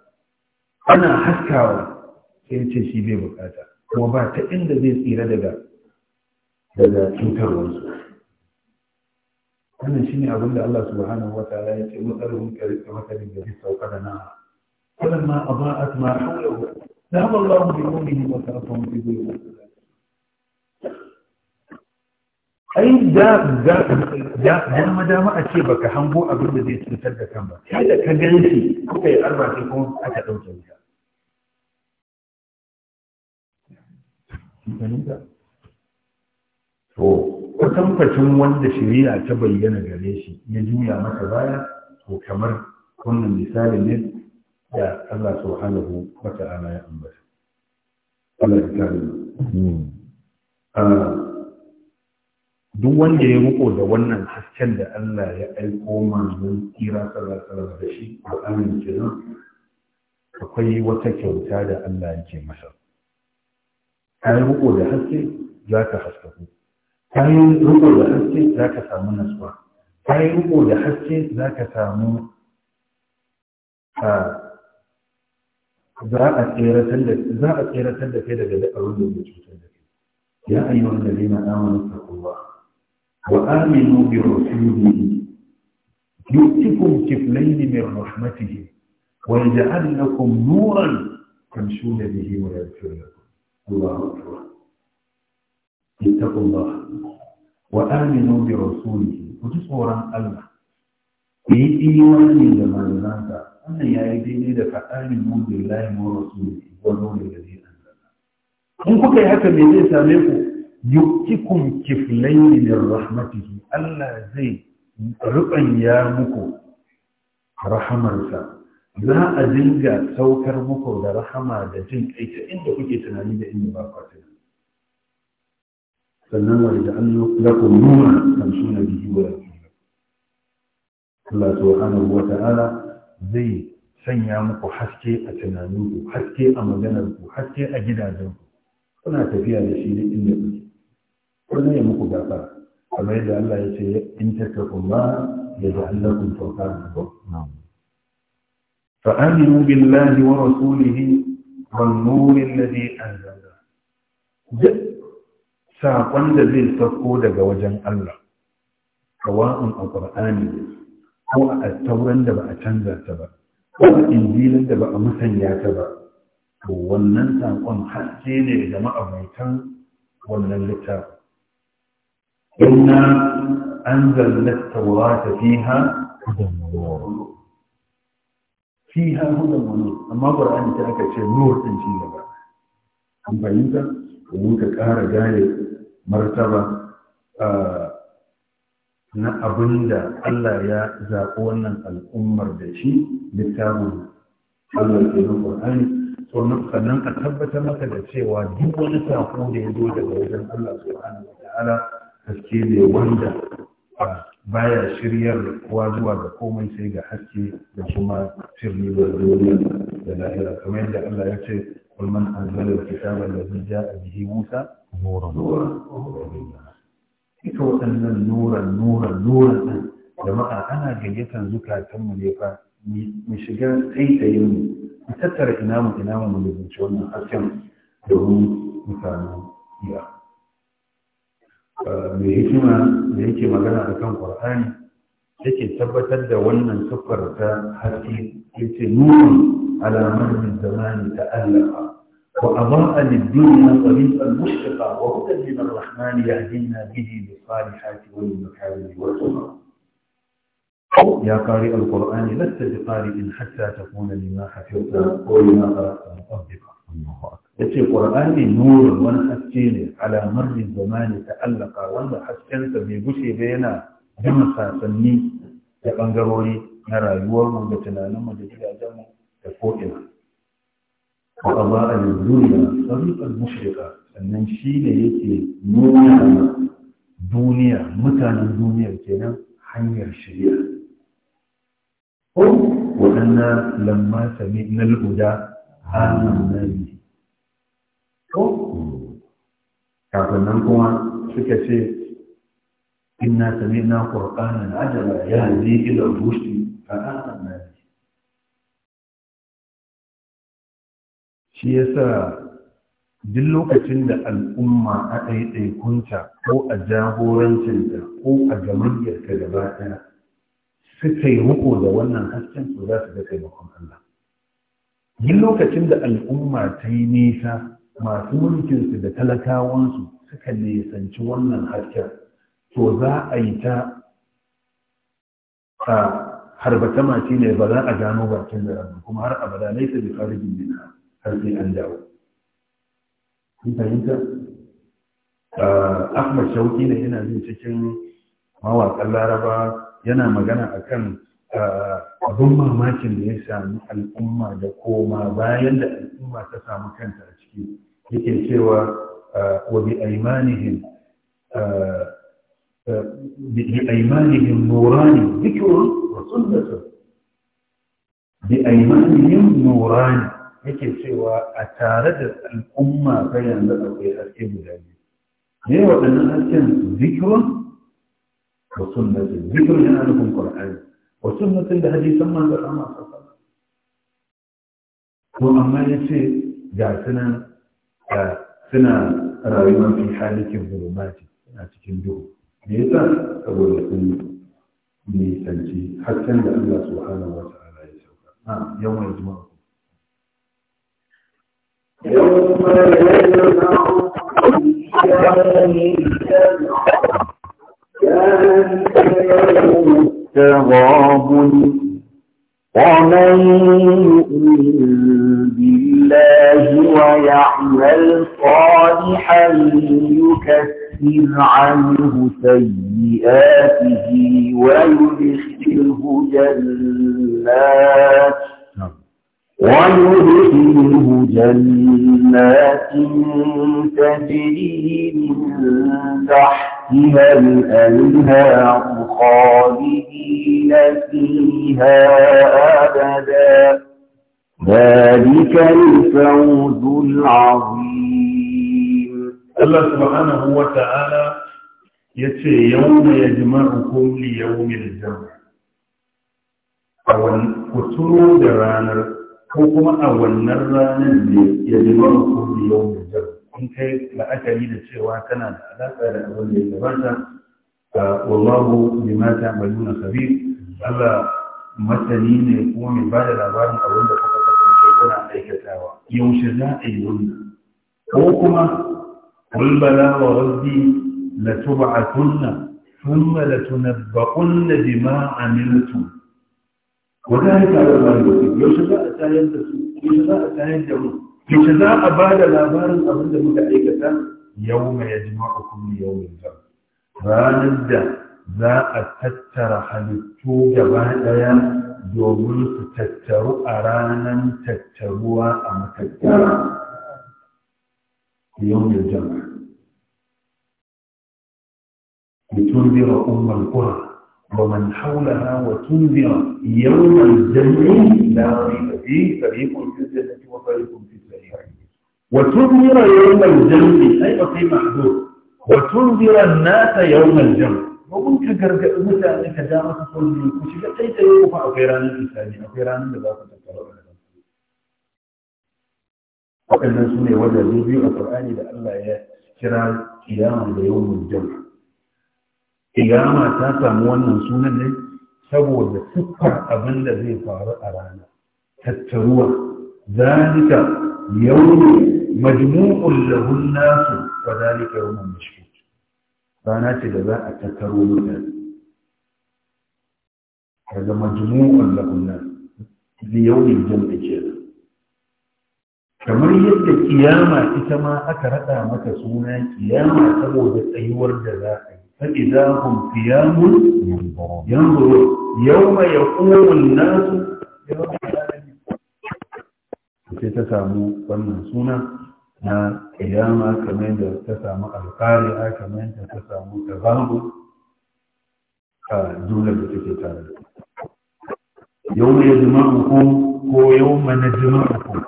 ana haskawa sai ce shi bai bukata kuma ba ta inda zai tsira daga daga cutarwarsu wannan shi ne abinda Allah subhanahu wa ta'ala ya ce matsalolin karfi matsalin da zai sauka da nawa? kullum ma a a ba'at ma mu ذهب الله بنورهم وتركهم في ظلمات ai da dama dama a ce baka hango abin da zai cutar da kan ba sai ka gan shi kuka yi arba sai kuma aka ɗauke wuta to kwatankwacin wanda shari'a ta bayyana gare shi ya juya masa baya to kamar wannan misalin ne da Allah subhanahu wa ta'ala ya ambata Allah ya kare mu hmm. ah, duk wanda ya riko da wannan hasken da Allah ya aiko manzon kira sallallahu da shi Qur'anin kenan akwai wata kyauta da Allah yake masa yi riko da haske za ka haskaku yi riko da haske za ka samu nasuwa yi riko da haske za ka samu ah, za a tseratar da za a tseratar da kai daga da'arun da ke cutar da kai ya ayyuhan ladina amanu taqullaha وآمنوا برسوله يؤتكم كفلين من رحمته ويجعل لكم نورا تمشون به ويغفر لكم الله أكبر اتقوا الله وآمنوا برسوله وتصورا الله في إيمان من هذا أنا يا إيدي إذا فآمنوا بالله ورسوله ونور الذي أنزلنا إن كنت هكذا ليس yuktikum kiflaini min rahmatihi Allah zai ya muku rahamarsa za a dinga saukar muku da rahama da jin kai ta inda kuke tunani da inda ba ku tunani sannan wa da an lakum kan tamshuna bihi wa Allah subhanahu wa ta'ala zai sanya muku haske a tunaninku haske a maganarku haske a gidajenku kuna tafiya da shi ne inda kuke kullum ya muku gafara kamar yadda Allah ya ce in tattaqullaha yaj'al lakum furqanan fa aminu billahi wa rasulihi wan nuri alladhi anzala duk saƙon da zai sauko daga wajen Allah kawa'un a ƙur'ani ko a tauran da ba a canza ta ba ko a injilin da ba a musanya ta ba to wannan saƙon haske ne ga ma'abaitan wannan littafin inna anzalna at-taurata fiha hudan wa fiha hudan wa amma qur'ani ta aka ce nur din shi gaba an fahimta ka ƙara gane martaba na abin da Allah ya zaɓi wannan al'ummar da shi littafin Allah ke nan Qur'ani sannan a tabbatar maka da cewa duk wani saƙo da ya zo daga wajen Allah subhanahu wa ta'ala haske ne wanda baya shiryar kowa zuwa ga komai sai ga haske da kuma sirri da duniya da lahira kamar yadda Allah ya ce kul man anzala alkitaba alladhi ja'a bihi Musa nuran ita waɗannan nuran nuran nuran din jama'a ana gayyatar zukatanmu ne fa mu shiga taitayin mu mu tattara ina mu ina mu mu wannan hasken domin mutanen samu iya mai hikima da yake magana da kan ƙwar'ani yake tabbatar da wannan siffar ta haske yace nurun alamar min zamani ta'allafa wa aba'a lid-dunya tariqan mushtaqa wa hudan min ar-rahmani yahdina bihi lis-salihati wal makarimi wa tuqa يا قارئ القرآن لست بقارئ حتى تكون لما حفظت ولما قرأت مطبقا الله أكبر yace qur'ani nurun wani haske ne alamar zamani ta allaka wanda haskensa bai gushe ba yana gama sasanni da bangarori na rayuwar mu da tunaninmu da mu da ko'ina wa aba a duniya sarrafar mushrika sannan shi ne yake nuna duniya mutanen duniya kenan hanyar shirya ko waɗannan lamma sami na lura nan ne ko kafin nan kuma suka ce inna sami'na qur'anan ajaba yahdi ila a fa amanna shi yasa duk lokacin da al'umma a ɗaiɗaikunta ko a jagorancinta ko a gamayyarta da ɗaya suka yi riko da wannan hasken su za su ga taimakon Allah. Duk lokacin da al'umma ta yi nisa masu mulkinsu da talakawansu suka nisanci wannan hasken to za a yi ta a harbata mace ne ba za a gano bakin da rabu kuma har abada laisa da farijin dina har sai an dawo kun fahimta ahmad shauki ne yana jin cikin mawaƙan laraba yana magana a kan abin mamakin da ya sami al'umma da koma bayan da al'umma ta samu kanta a ciki لكن سوى وبأيمانهم بأيمانهم نوران ذكر وسنة بأيمانهم نوران لكن سوى أتارد الأمة بين في الأرقام هذه ليه وأن أرسل ذكر وسنة ذكر هنا لكم قرآن وسنة لهذه سمى ذكر ما صلى الله عليه وأما يسي جعلتنا suna rayuwa fi halikin zulumati a cikin duhu me yasa saboda sun nisanci hasken da Allah subhanahu wa ta'ala ya sauka a yawan juma'a يوم يجمعهم ذلك يوم التغابن ومن يؤمن الله ويعمل صالحا يكفر عنه سيئاته ويدخله جنات ويدخله جنات تجري من تحتها الأنهار خالدين فيها ذلك الفوز العظيم الله سبحانه وتعالى يتي يوم يجمعكم ليوم الجمع أول كتروا درانر كوكما أول نرانا يجمعكم ليوم الجمع kun kai la'akari da cewa tana da alaƙa da abin da ya gabata wallahu bima ta'maluna khabir Allah masani ne kuma mai bada labarin abin da suna aikatawa yaushe za a yi wannan ko kuma kulbala wa rabbi la tub'atunna thumma la tunabba'unna bima amiltum wa dhalika ala rabbikum yaushe za a tayar da su yaushe za a tayar da mu yaushe za a ba da labarin abin da muka aikata Yau mai yajma'ukum li yawmin jam ranar da za a tattara halittu gaba daya domin su أرانا تتروا أم تتروا في يوم yau لتنذر أم القرى ومن حولها وتنذر يوم الجمع لا ريب فيه فريق في الجنة وفريق في السعير وتنذر يوم الجمع أي في محدود وتنذر الناس يوم الجمع وقلت كرجع متى أنك دائما تقول كل شيء أي شيء يوقع غيران الإنسانين غيران الله تعالى وكان نسوني ودى ذوبي القرآن إذا ألا يا شرال الجمع قيامة تاتا موان نسونا لي سبو ذا سكر أبن لذي فار أرانا تتروا ذلك يوم مجموع له الناس وذلك يوم مشكور rana ce da za a tattaro mutane ka zama yau ne jin da ke kamar yadda kiyama ita ma aka rada mata suna kiyama saboda tsayuwar da za a yi fa idza hum qiyamun yanzuru yawma yaqumu an-nasu sai ta samu wannan suna na kiyama kamar da ta samu alƙari'a kamar da ta samu tazamu a jumlar da take tare yau ne jima'ukum ko yau ma na jima'ukum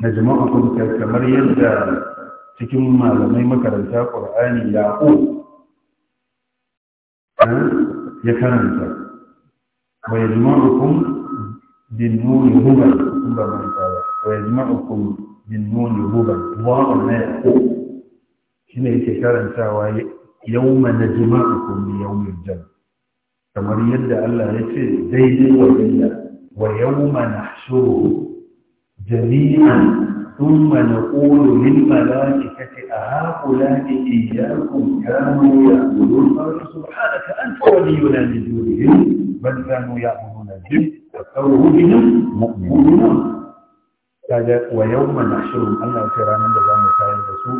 na jima'ukum kamar yadda cikin malamai makaranta ƙur'ani yaƙo ya karanta wa ya jima'ukum bin nuni hubar ba manta ba wa ya jima'ukum من نون يهوبا واو الناس هو هنا يتكرم سوا يوم نجمعكم ليوم الجمع كما يدعى الله يتفي زيد وزيلا ويوم نحشره جميعا ثم نقول للملائكة أهؤلاء إياكم كانوا يعبدون سبحانك أنت ولينا من دونهم بل كانوا يعبدون الجن فأكثرهم بهم مؤمنون kaga wa yawma nashurun Allah ya ranar da zamu kaya da su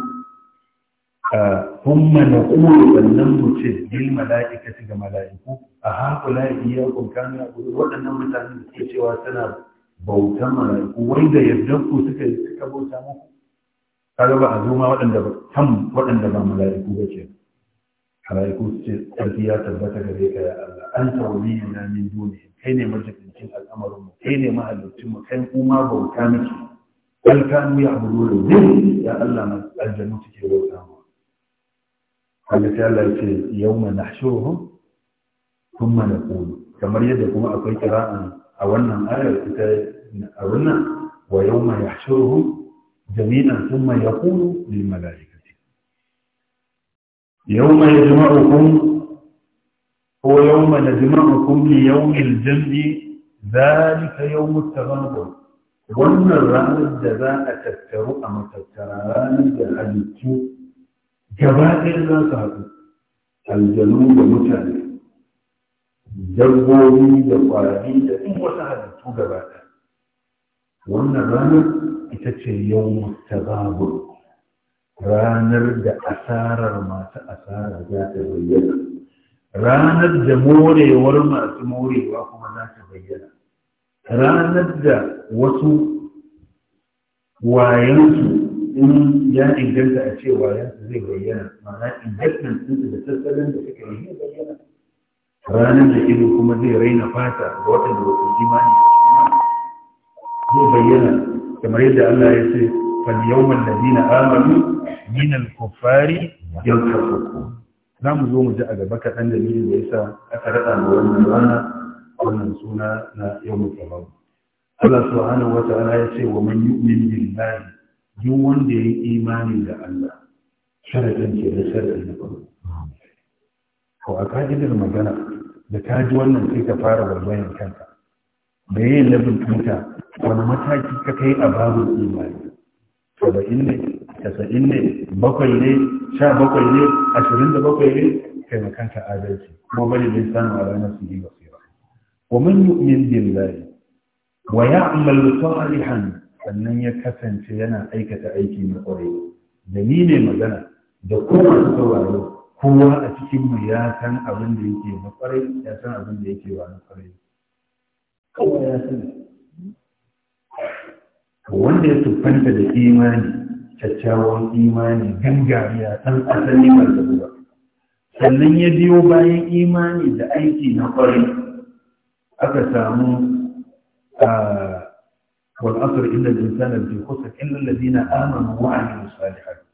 ah, thumma naqulu nan mu ce bil malaikati ga malaiku a hakula iyyakum kana waɗannan mutanen da suke cewa tana bauta malaiku wai da yadda ku suka suka bauta muku kaga ba a zo ma waɗanda ba tam wadanda ba malaiku ba ce malaiku ce ya tabbata gare ka ya Allah anta waliyuna min duni kai ne majibin cikin al'amarin mu kai ne mahalicci mu kai kuma bauta miki bal kanu ya'budu rabbi ya Allah ma aljannu take bauta mu Allah ta Allah ce yawma nahshuruhum thumma naqulu kamar yadda kuma akwai kira'an a wannan ayar ita a wannan wa yawma yahshuruhum jami'an thumma yaqulu lil malaikati yawma yajma'ukum هو يوم نجمعكم ليوم الجمع zalika yawmut taghab wannan ranar da za a tattaru a matattara ranar da halittu gaba ɗaya za su haɗu aljanu da mutane dabbobi da ƙwari da duk wasu halittu gaba wannan ranar ita ce yau taghab ranar da asarar masu asara za ta bayyana ranar da morewar masu morewa kuma za ta bayyana ranar da wasu wayansu in ya inganta a ce wayansu zai bayyana mana ingantan ɗinsu da tattalin da suke yi zai bayyana ranar da ido kuma zai raina fata ga waɗanda wasu imani zai bayyana kamar yadda Allah ya ce fal yawmal ladina amanu min al-kuffari yantafuku za mu zo mu ji a gaba kaɗan dalilin da yasa aka raɗa ma wannan rana wannan suna na yau mu Allah subhanahu wa ta'ala ya ce wa man yu'min billahi duk wanda ya yi imani da Allah sharadin ke da sharadin da farko ko a ka'idar magana da ka ji wannan sai ka fara barbayan kanka da yin labin tuta wani mataki ka kai a babu imani saba'in ne tasa'in ne bakwai ne sha bakwai ne ashirin da bakwai ne kai makanka adalci kuma bari bai samu a ranar su yi basira wa man yu'min billahi wa ya'mal salihan sannan ya kasance yana aikata aiki na kwarai da ni ne magana da kowa su sauraro kowa a cikin mu ya san abin da yake na kwarai ya san abin da yake wa na kwarai kowa ya san wanda ya tuffanta da imani kyakkyawan imani gangariya san asali ba da sannan ya biyo bayan imani da aiki na kwarin aka samu a wal asr inda jinsana bi khusr illa alladhina amanu wa amilu salihat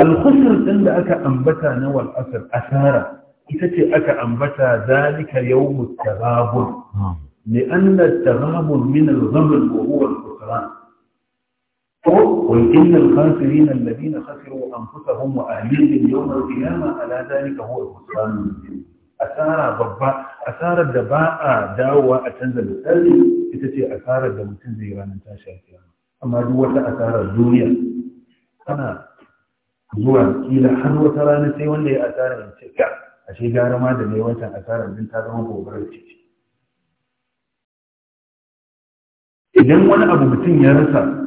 al khusr din da aka ambata na wal asara ita ce aka ambata zalika yawmut tababun hmm. li anna at tababun min al ghamr wa huwa al قل إن الخاسرين الذين خسروا أنفسهم وأهليهم يوم القيامة ألا ذلك هو الخسران المبين أثار ضباء أثار دباء داوى أتنزل الثالث تتي أثار تنزل زيران تاشا القيامة أما دوة أثار الدنيا أنا zuwa كيلا har ترى نسي ولي أثار ya asara ya ce ka a shi gara ma da mai wancan asarar أبو ta يا gobarar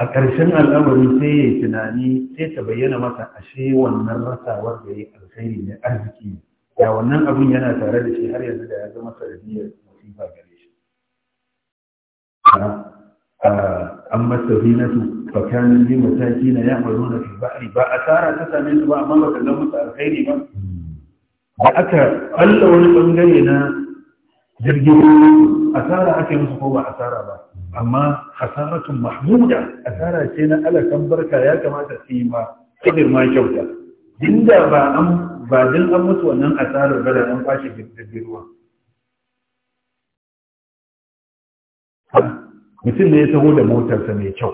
a ƙarshen al'amari sai ya tunani sai ta bayyana masa ashe wannan rasawar da ya alkhairi ne arziki ya wannan abin yana tare da shi har yanzu da ya zama sanadiyar masifa gare shi an na su fakanin bi mataki na ya mazo na fi ba'ari ba a tsara ta same su ba amma ba kallon su alkhairi ba da aka ɓalla wani ɓangare na jirgin asara ake musu ko ba asara ba amma hasaratun mahmuda asara ce na alakan barka ya kamata su yi ma kadir ma kyauta inda ba an ba din an mutu wannan asarar ba da an kwashe da ruwa mutum ne ya taho da motarsa mai kyau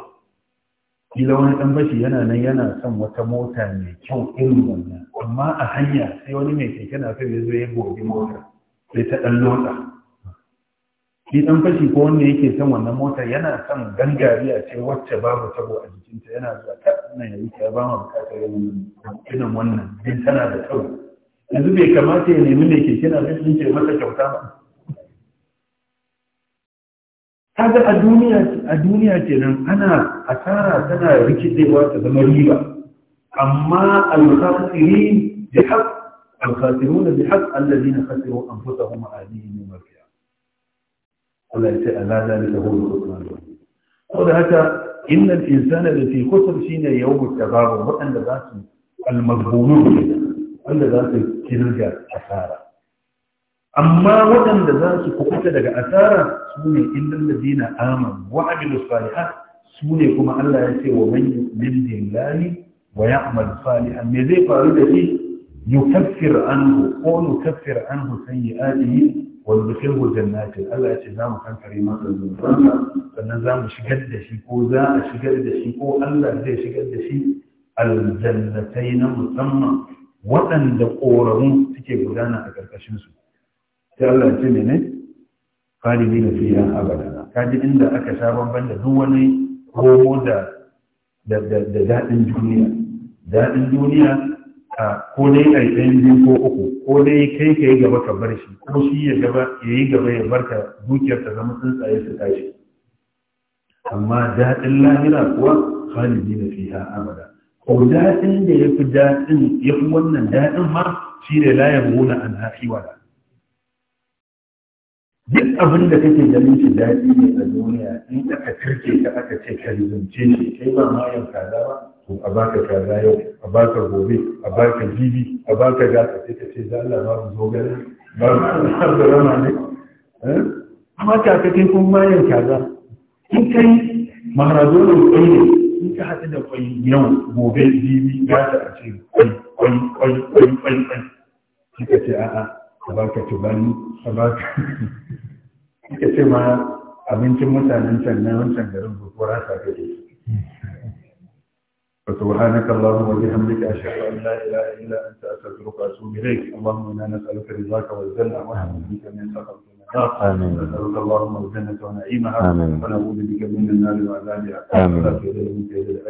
kila wani dan bashi yana nan yana son wata mota mai kyau irin wannan amma a hanya sai wani mai keke na kai ya zo ya gobe motar, sai ta dan lota shi dan fashi ko wanda yake son wannan mota yana son gangariya ce wacce babu tabo a jikinta yana zuwa ta nan ya ta ba mu bukatar irin wannan din tana da tabo yanzu bai kamata ya nemi mai keke na rashin ce masa kyauta ba kaga a duniya a duniya kenan ana asara tana rikidewa ta zama riba amma al-khasirin bi haqq al-khasirun bi haqq alladhina khasiru anfusahum wa ahlihim Allah ya ce ala zalika huwa al-khusran da haka innan insana da fi khusr shine yawmut tabaru waɗanda za su al-mazbumun wanda za su kirga asara amma waɗanda za su kukuta daga asara su ne illan ladina aman wa amilu salihat su ne kuma Allah ya ce wa man yu'min billahi wa ya'mal salihan me zai faru da shi yukaffir anhu ko yukaffir anhu sayyi'atihi wadda jannatin Allah ya ce za mu kankare masa zunubansa sannan za mu shigar da shi ko za a shigar da shi ko Allah zai shigar da shi aljannatai na musamman waɗanda ƙoramu suke gudana a ƙarƙashinsu sai Allah ya ce mene khalidi na fiya abada kaji inda aka sha bamban da duk wani komo da da daɗin duniya daɗin duniya A ko dai a yi ɗayan biyu ko uku ko dai kai ka yi gaba ka bar shi ko shi ya gaba ya yi gaba ya bar ka dukiyar ta zama tsuntsaye su tashi amma daɗin lahira kuwa khalidi na ha abada ko daɗin da ya fi daɗin ya fi wannan daɗin ma shi ne layan muna an haƙi wada duk abin da kake ganin shi daɗi ne a duniya in aka kirke ka aka ce ka rizance shi kai ba ma yanka ba a baka kaza yau a baka gobe a baka jibi a baka gasa sai ka ce da Allah babu zogale babu da rama ne amma ta ka kun mayan kaza in kai maharazo ne kwai ne in ka hada da kai yau gobe jibi gasa a ce kwai kwai kwai kwai kwai kai ka ce a'a a baka tubani a baka ka ce ma abincin mutanen can na wancan garin ko rasa ka ce. فسبحانك اللهم وبحمدك أشهد أن لا إله إلا أنت أستغفرك وأتوب إليك اللهم إنا نسألك رضاك والجنة ونعوذ بك من سخطك النار نسألك اللهم الجنة ونعيمها ونعوذ بك من النار وعذابها آمين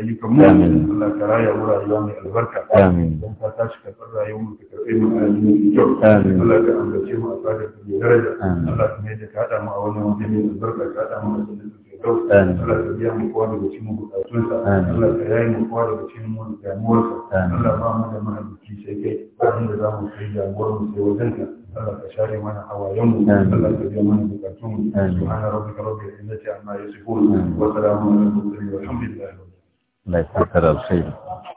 أيك مؤمن الله كرايا ولا أيام البركة آمين أنت تشك فرى يومك كريم آمين الجو آمين الله كأنك شيء أفاجك بدرجة الله كميدك هذا ما أولا وجميل البركة هذا ما أولا Allah ka biya mu kowa daga cikin bukatunsa, Allah ka yayi mu kowa daga cikin mu damuwarsa, Allah ba mu da mahalicci sai kai, ba mu da za mu kai damuwar mu sai wajenka. Allah ka share mana hawayenmu Allah ka biya mana bukatunmu subhana rabbika rabbil izzati amma yasifun wa salamun alal mursalin walhamdulillahi rabbil alamin Allah ya saka da alkhairi